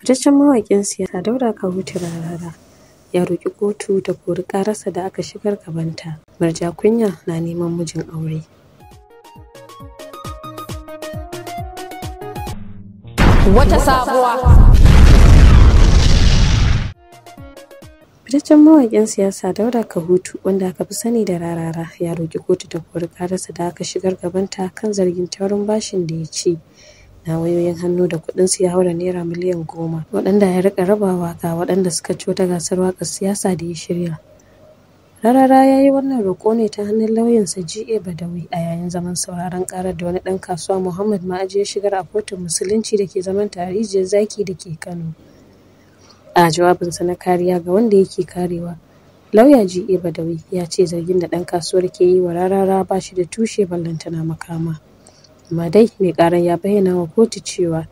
Fitaccen mawaƙin siyasa Dauda Kawu Turarara ya roƙi kotu ta kori ƙararsa da aka shigar gabanta. Marja Kunya na neman mijin aure. Wata sabuwa. Fitaccen mawaƙin siyasa Dauda Kahutu wanda aka fi sani da Rarara ya roƙi kotu ta kori ƙararsa da aka shigar gabanta kan zargin taurin bashin da ya ci. na wayoyin hannu da kuɗin su ya haura naira miliyan goma waɗanda ya rika rabawa ga waɗanda suka ci wata gasar waƙar siyasa da ya shirya rarara ya yi wannan roƙo ne ta hannun lauyansa ga badawi a yayin zaman sauraron ƙarar da wani ɗan kasuwa muhammad ma'aji ya shigar a kotun musulunci da ke zaman tarijiyar zaki da ke kano a jawabinsa na kariya ga wanda yake karewa lauya ga badawi ya ce zargin da ɗan kasuwar ke yi wa rarara ba shi da tushe ballantana makama amma dai mai karan ya bayyana wa kotu cewa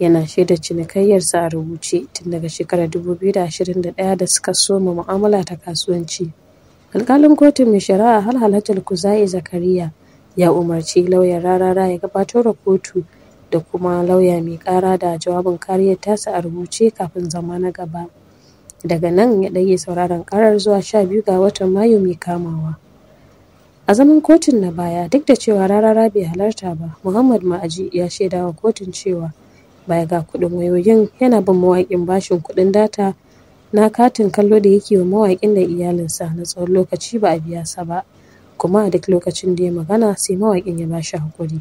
yana shaida cinikayyarsa a rubuce tun daga shekarar dubu biyu da ashirin da da ɗaya suka soma mu'amala ta kasuwanci alƙalin kotun mai shari'a har halatar kuzai zakariya ya umarci lauyan rarara ya gabatar da kotu da kuma lauya mai kara da jawabin kariyar tasa a rubuce kafin zama na gaba daga nan ya ɗage sauraron karar zuwa sha biyu ga watan mayu mai kamawa a zaman kotun na baya duk da cewa rarara bai halarta ba muhammad ma'aji ya shaida wa kotun cewa baya ga kudin wayoyin yana bin mawaƙin bashin kudin data na katin kallo da yake wa mawaƙin da iyalinsa na tsawon lokaci ba a biya sa ba kuma a duk lokacin da ya magana sai mawaƙin ya bashi hakuri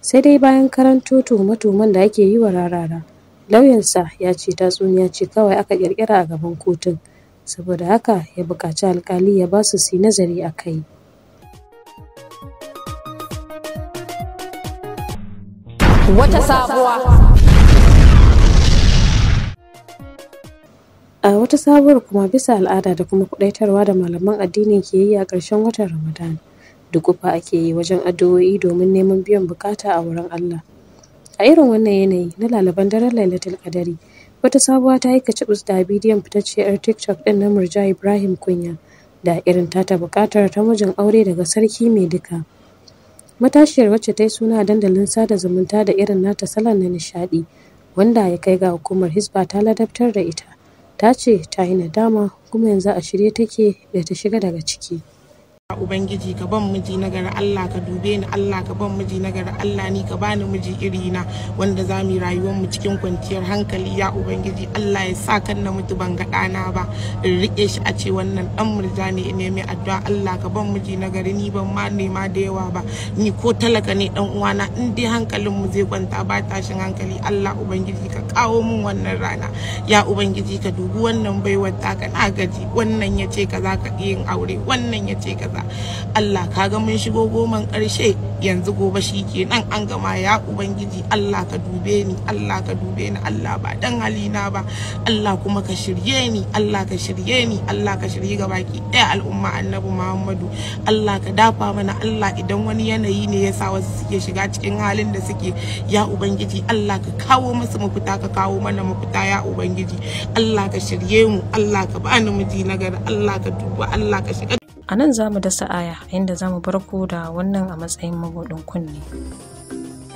sai dai bayan karanto tuhume-tuhumen da ake yi wa rarara lauyansa ya ce tatsuniya ce kawai aka ƙirƙira a gaban kotun saboda haka ya buƙaci alkali ya ba su nazari a kai wata sabuwa. A wata sabuwar kuma bisa al'ada da kuma kudaitarwa da malaman addinin ke yi a ƙarshen watan Ramadan. Dukufa ake yi wajen addu'o'i domin neman biyan bukata a wurin Allah. A irin wannan yanayi na lalaban daren Lailatul Qadari, wata sabuwa ta yi kacibus da bidiyon fitacciyar TikTok ɗin na Murja Ibrahim Kunya da irin tata bukatar ta mijin aure daga sarki mai duka. matashiyar wacce ta yi suna dandalin sada zumunta da irin nata salon na nishadi wanda ya kai ga hukumar hisba ta ladabtar da ita ta ce ta yi nadama kuma yanzu a shirye take da ta shiga daga ciki Ubangiji ka ban miji na Allah ka dube ni Allah ka ban miji nagari Allah ni ka bani miji iri na wanda za mu rayuwar mu cikin kwanciyar hankali ya Ubangiji Allah ya sa kan na mutu ban ga na ba in rike shi a ce wannan dan murja ne in nemi addu'a Allah ka ban miji na ni ban ma nema da yawa ba ni ko talaka ne dan uwana in dai hankalin mu zai kwanta ba tashin hankali Allah Ubangiji ka kawo mun wannan rana ya Ubangiji ka dubi wannan baiwar ta ka na gaji wannan yace kaza ka yin aure wannan yace kaza ba Allah ka ga mun shigo goman ƙarshe yanzu gobe shi kenan an gama ya ubangiji Allah ka dube ni Allah ka dube ni Allah ba dan halina ba Allah kuma ka shirye ni Allah ka shirye ni Allah ka shirye ga baki ɗaya al'umma annabi Muhammadu Allah ka dafa mana Allah idan wani yanayi ne ya sa wasu suke shiga cikin halin da suke ya ubangiji Allah ka kawo musu mafita ka kawo mana mafita ya ubangiji Allah ka shirye mu Allah ka bani miji na gari Allah ka duba Allah ka shiga a nan za mu dasa aya inda za mu bar ku da wannan a matsayin mabuɗin kunne.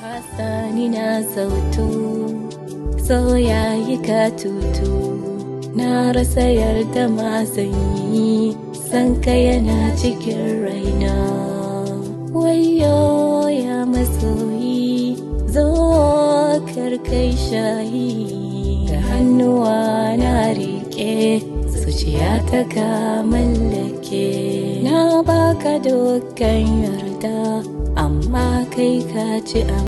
Hasani na sautu, sauya yi ka tutu, na rasa yarda ma sanyi, san ka yana cikin raina. Wayo ya masoyi, zo kai shayi, da hannuwa na riƙe. zuciya ta ka mallake na baka dukkan yarda amma kai ka ci